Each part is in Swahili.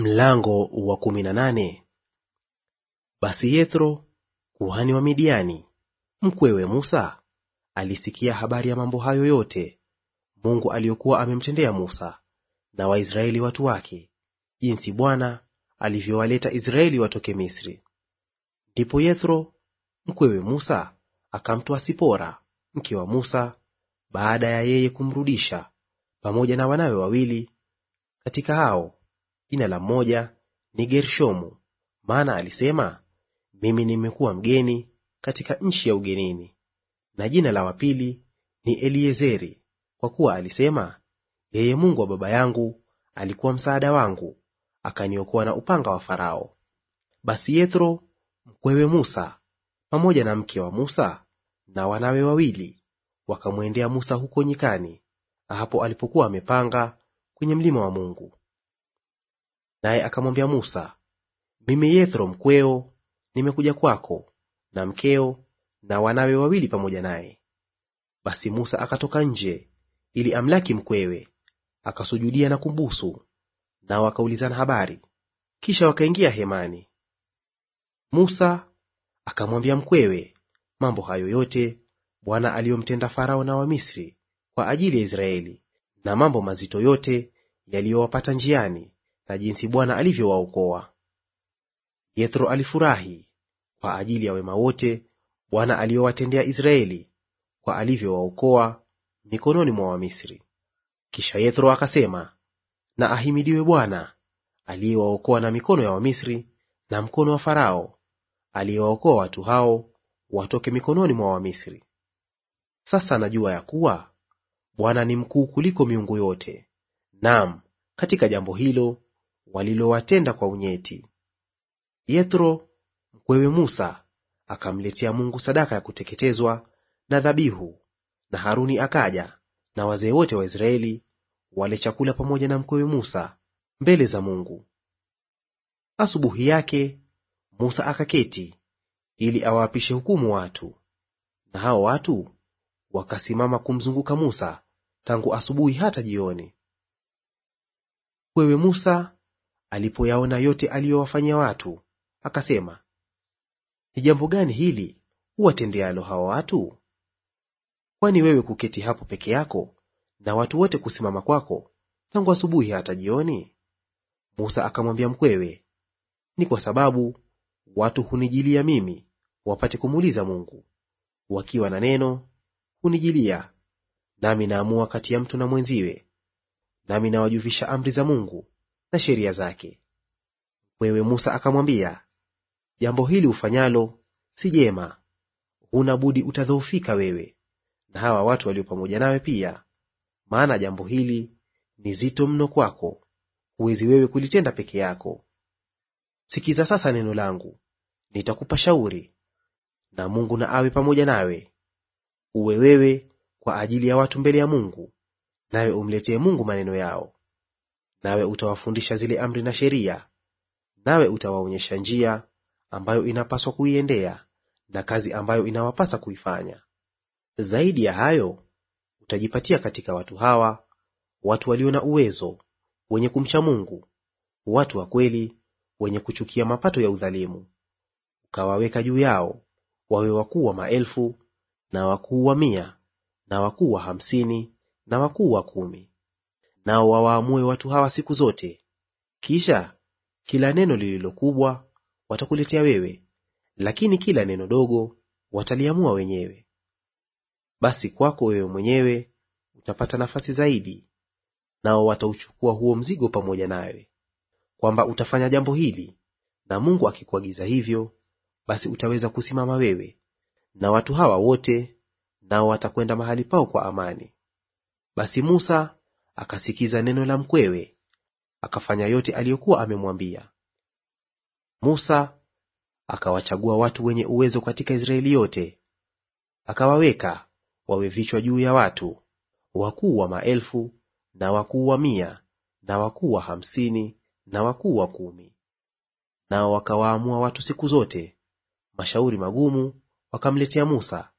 Mlango wa kumi na nane. Basi Yethro kuhani wa Midiani mkwewe Musa alisikia habari ya mambo hayo yote Mungu aliyokuwa amemtendea Musa na Waisraeli watu wake, jinsi Bwana alivyowaleta Israeli watoke Misri. Ndipo Yethro mkwewe Musa akamtoa Sipora mke wa Musa baada ya yeye kumrudisha pamoja na wanawe wawili katika hao Jina la mmoja ni Gershomu, maana alisema, mimi nimekuwa mgeni katika nchi ya ugenini. Na jina la wapili ni Eliezeri, kwa kuwa alisema, yeye Mungu wa baba yangu alikuwa msaada wangu, akaniokoa na upanga wa Farao. Basi Yethro mkwewe Musa pamoja na mke wa Musa na wanawe wawili wakamwendea Musa huko nyikani, hapo alipokuwa amepanga kwenye mlima wa Mungu. Naye akamwambia Musa, mimi Yethro mkweo nimekuja kwako na mkeo na wanawe wawili pamoja naye. Basi Musa akatoka nje ili amlaki mkwewe, akasujudia na kumbusu, nao wakaulizana habari, kisha wakaingia hemani. Musa akamwambia mkwewe mambo hayo yote Bwana aliyomtenda Farao na Wamisri kwa ajili ya Israeli, na mambo mazito yote yaliyowapata njiani na jinsi Bwana alivyowaokoa. Yethro alifurahi kwa ajili ya wema wote Bwana aliyowatendea Israeli kwa alivyowaokoa mikononi mwa Wamisri. Kisha Yethro akasema, na ahimidiwe Bwana aliyewaokoa na mikono ya Wamisri na mkono wa Farao, aliyewaokoa watu hao watoke mikononi mwa Wamisri. Sasa najua ya kuwa Bwana ni mkuu kuliko miungu yote, naam, katika jambo hilo walilowatenda kwa unyeti. Yethro mkwewe Musa akamletea Mungu sadaka ya kuteketezwa na dhabihu, na Haruni akaja na wazee wote wa Israeli wale chakula pamoja na mkwewe Musa mbele za Mungu. Asubuhi yake Musa akaketi ili awaapishe hukumu watu, na hao watu wakasimama kumzunguka Musa tangu asubuhi hata jioni. Wewe Musa alipoyaona yote aliyowafanyia watu, akasema, ni jambo gani hili huwatendealo hawa watu? Kwani wewe kuketi hapo peke yako na watu wote kusimama kwako tangu asubuhi hata jioni? Musa akamwambia mkwewe, ni kwa sababu watu hunijilia mimi wapate kumuuliza Mungu, wakiwa na neno hunijilia, nami naamua kati ya mtu na mwenziwe, nami nawajuvisha amri za Mungu na sheria zake. Mkwewe Musa akamwambia, jambo hili ufanyalo si jema, huna budi utadhoofika wewe na hawa watu walio pamoja nawe pia, maana jambo hili ni zito mno kwako, huwezi wewe kulitenda peke yako. Sikiza sasa neno langu, nitakupa shauri, na Mungu na awe pamoja nawe. Uwe wewe kwa ajili ya watu mbele ya Mungu, nawe umletee Mungu maneno yao nawe utawafundisha zile amri na sheria, nawe utawaonyesha njia ambayo inapaswa kuiendea na kazi ambayo inawapasa kuifanya. Zaidi ya hayo, utajipatia katika watu hawa watu walio na uwezo, wenye kumcha Mungu, watu wa kweli, wenye kuchukia mapato ya udhalimu. Ukawaweka juu yao wawe wakuu wa maelfu na wakuu wa mia na wakuu wa hamsini na wakuu wa kumi nao wawaamue watu hawa siku zote. Kisha kila neno lililo kubwa watakuletea wewe, lakini kila neno dogo wataliamua wenyewe. Basi kwako wewe mwenyewe utapata nafasi zaidi, nao watauchukua huo mzigo pamoja nawe, kwamba utafanya jambo hili, na Mungu akikuagiza hivyo, basi utaweza kusimama wewe na watu hawa wote, nao watakwenda mahali pao kwa amani. Basi Musa akasikiza neno la mkwewe, akafanya yote aliyokuwa amemwambia. Musa akawachagua watu wenye uwezo katika Israeli yote, akawaweka wawe vichwa juu ya watu, wakuu wa maelfu na wakuu wa mia na wakuu wa hamsini na wakuu wa kumi. Nao wakawaamua watu siku zote, mashauri magumu wakamletea Musa,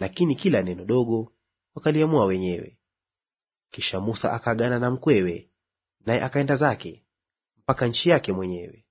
lakini kila neno dogo wakaliamua wenyewe. Kisha Musa akaagana na mkwewe, naye akaenda zake mpaka nchi yake mwenyewe.